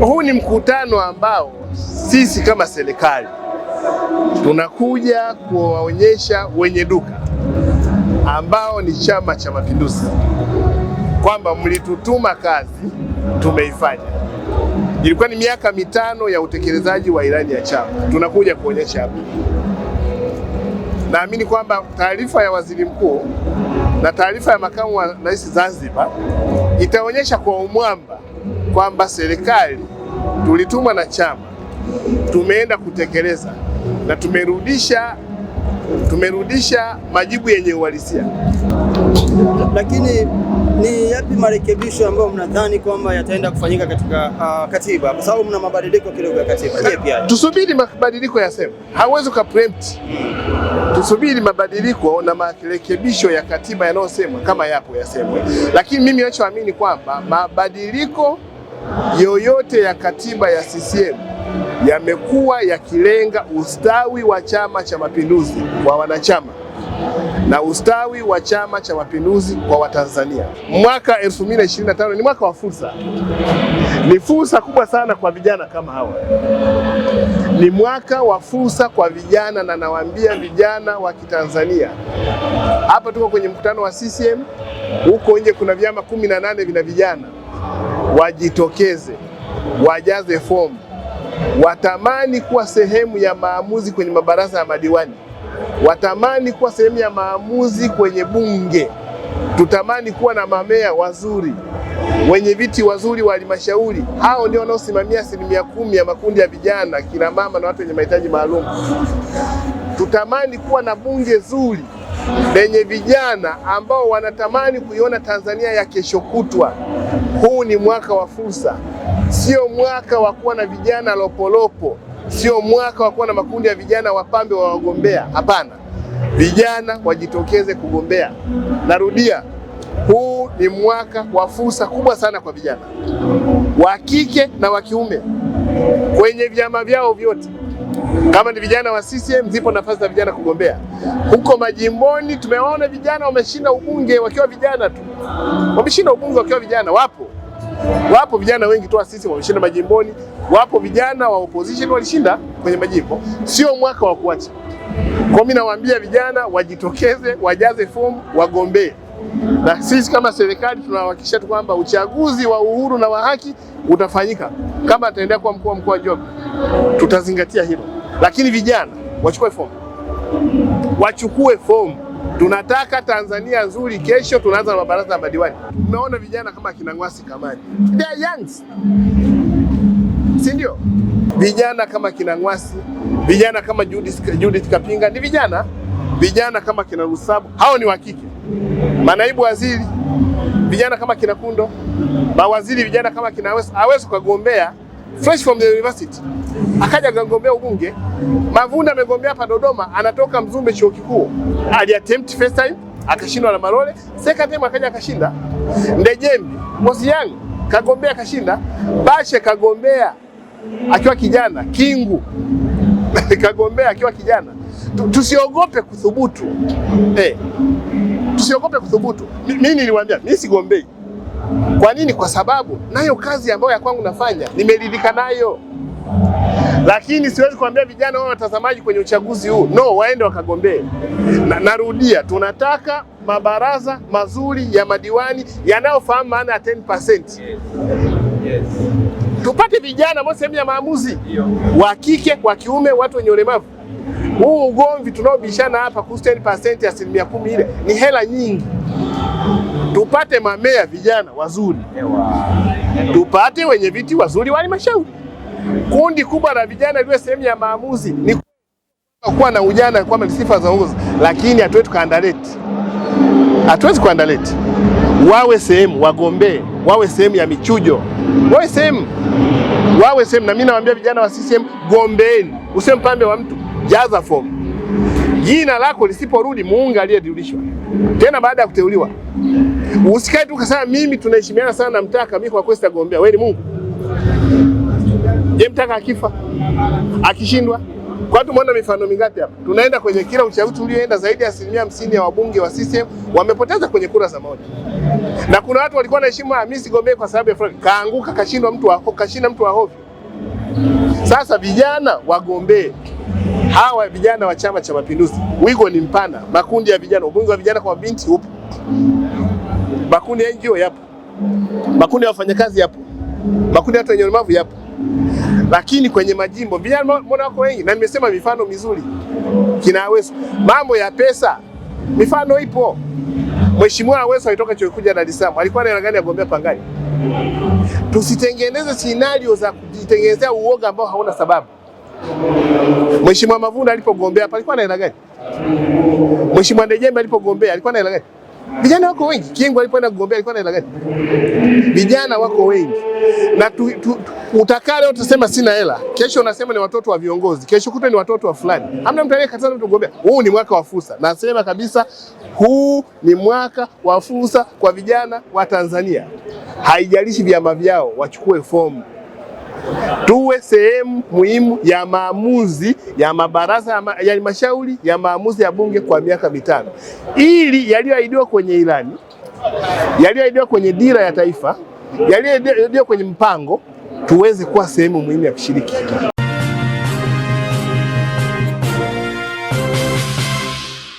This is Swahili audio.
Huu ni mkutano ambao sisi kama serikali tunakuja kuwaonyesha wenye duka ambao ni Chama cha Mapinduzi kwamba mlitutuma kazi, tumeifanya. Ilikuwa ni miaka mitano ya utekelezaji wa ilani ya chama, tunakuja kuonyesha hapa. Naamini kwamba taarifa ya waziri mkuu na taarifa ya makamu wa rais Zanzibar itaonyesha kwa umwamba kwamba serikali tulitumwa na chama, tumeenda kutekeleza na tumerudisha tumerudisha majibu yenye uhalisia. Lakini ni yapi marekebisho ambayo mnadhani kwamba yataenda kufanyika katika uh, katiba kwa sababu mna mabadiliko kidogo ya katiba? Je, pia tusubiri mabadiliko ya sema, hauwezi ka preempt. Tusubiri mabadiliko na marekebisho ya katiba yanayosemwa, kama yapo yasemwe, lakini mimi nachoamini kwamba mabadiliko yoyote ya katiba ya CCM yamekuwa yakilenga ustawi wa Chama cha Mapinduzi kwa wanachama na ustawi wa Chama cha Mapinduzi kwa Watanzania. Mwaka 2025 ni mwaka wa fursa, ni fursa kubwa sana kwa vijana kama hawa, ni mwaka wa fursa kwa vijana, na nawaambia vijana wa Kitanzania, hapa tuko kwenye mkutano wa CCM, huko nje kuna vyama kumi na nane vina vijana wajitokeze, wajaze fomu, watamani kuwa sehemu ya maamuzi kwenye mabaraza ya madiwani, watamani kuwa sehemu ya maamuzi kwenye bunge. Tutamani kuwa na mamea wazuri, wenye viti wazuri wa halmashauri. Hao ndio wanaosimamia asilimia kumi ya makundi ya vijana, kina mama na watu wenye mahitaji maalum. Tutamani kuwa na bunge zuri lenye vijana ambao wanatamani kuiona Tanzania ya kesho kutwa. Huu ni mwaka wa fursa, sio mwaka wa kuwa na vijana lopolopo, sio mwaka wa kuwa na makundi ya vijana wapambe wa wagombea. Hapana, vijana wajitokeze kugombea. Narudia, huu ni mwaka wa fursa kubwa sana kwa vijana wa kike na wa kiume kwenye vyama vyao vyote. Kama ni vijana wa CCM, zipo nafasi za vijana kugombea huko majimboni. Tumeona vijana wameshinda ubunge wakiwa vijana tu, wameshinda ubunge wakiwa vijana. Wapo wapo vijana wengi tu sisi wameshinda majimboni, wapo vijana wa opposition walishinda kwenye majimbo. Sio mwaka wa kuacha. Kwa mimi nawaambia vijana wajitokeze, wajaze fomu, wagombee na sisi kama serikali tunahakikisha tu kwamba uchaguzi wa uhuru na wa haki utafanyika. Kama ataendelea kuwa mkuu wa mkoa wa Njombe, tutazingatia hilo. Lakini vijana wachukue fomu, wachukue fomu. Tunataka Tanzania nzuri kesho. Tunaanza na mabaraza ya madiwani. Tumeona vijana kama kina Ngwasi Kamani, they are young, si ndio? Vijana kama kina Ngwasi, vijana kama Judith, Judith Kapinga ni vijana, vijana kama kina Rusabu, hao ni wakike manaibu waziri vijana kama kina Kundo, mawaziri vijana kama kina Aweso, Aweso kagombea fresh from the university, akaja kagombea ubunge. Mavunda amegombea hapa Dodoma, anatoka Mzumbe chuo kikuu, ali attempt first time akashindwa na marole second time akaja akashinda. Ndejembi Mosiang kagombea akashinda. Bashe kagombea akiwa kijana, Kingu kagombea akiwa kijana. Tusiogope kuthubutu eh, tusiogope kuthubutu. Mimi niliwaambia mimi sigombei kwa nini? Kwa sababu nayo kazi ambayo ya kwangu nafanya nimeridhika nayo, lakini siwezi kuambia vijana wao watazamaji kwenye uchaguzi huu no, waende wakagombee. Na, narudia tunataka mabaraza mazuri ya madiwani yanayofahamu maana ya 10%. Yes. Yes. Tupate vijana ambao sehemu ya maamuzi wa kike wa kiume, watu wenye ulemavu. Huu ugomvi tunaobishana hapa kuhusu 10% ya asilimia kumi ile ni hela nyingi tupate mamea vijana wazuri, tupate wenye viti wazuri wa halmashauri. Kundi kubwa la vijana liwe sehemu ya maamuzi. Ni kuwa na ujana kwa sifa za uongozi, lakini hatuwezi tukaandaleti, hatuwezi kuandaleti. Wawe sehemu, wagombee, wawe sehemu ya michujo, wawe sehemu, wawe sehemu. Na mimi nawaambia vijana wa CCM, gombeeni, usiwe mpambe wa mtu, jaza fomu jina lako lisiporudi, muunga aliyerudishwa tena baada ya kuteuliwa. Usikae tu kasema mimi tunaheshimiana sana na Mtaka, mimi kwa kwesta gombea Wewe ni Mungu. Je, Mtaka akifa akishindwa kwa tumeona mifano mingapi hapa. Tunaenda kwenye kila uchaguzi ulioenda, zaidi ya asilimia hamsini ya wabunge wa CCM wamepoteza kwenye kura za maoni, na kuna watu walikuwa na heshima, ah, mimi sigombee kwa sababu ya fulani, kaanguka, kashindwa mtu wako, kashinda mtu wa hofu. Sasa vijana wagombee hawa vijana wa Chama cha Mapinduzi, wigo ni mpana, makundi ya vijana, ubunge wa vijana kwa binti upo, makundi ya NGO yapo, makundi ya wafanyakazi yapo, makundi ya watu wenye ulemavu yapo, lakini kwenye majimbo vijana mbona wako wengi? Na nimesema mifano mizuri kina Aweso, mambo ya pesa, mifano ipo. Mheshimiwa Aweso alitoka chuo kikuu cha Dar es Salaam, alikuwa na gani agombea pangani? Tusitengeneze sinario za kujitengenezea uoga ambao hauna sababu. Mheshimiwa Mavunda alipogombea palikuwa na hela gani? Mheshimiwa Ndejembe alipogombea alikuwa na hela gani? Vijana wako wengi. Kiengo alipoenda kugombea alikuwa na hela gani? Vijana wako wengi na tu, tu, tu, utakaa leo utasema sina hela, kesho unasema ni watoto wa viongozi, kesho kutwa ni watoto wa fulani. Hamna mtu aliyekataza mtu kugombea. Huu ni mwaka wa fursa, nasema kabisa, huu ni mwaka wa fursa kwa vijana wa Tanzania. Haijalishi vyama vyao, wachukue fomu tuwe sehemu muhimu ya maamuzi ya mabaraza ya halmashauri ma, ya, ya maamuzi ya bunge kwa miaka mitano, ili yaliyoahidiwa kwenye ilani, yaliyoahidiwa kwenye dira ya taifa, yaliyoahidiwa kwenye mpango tuweze kuwa sehemu muhimu ya kushiriki.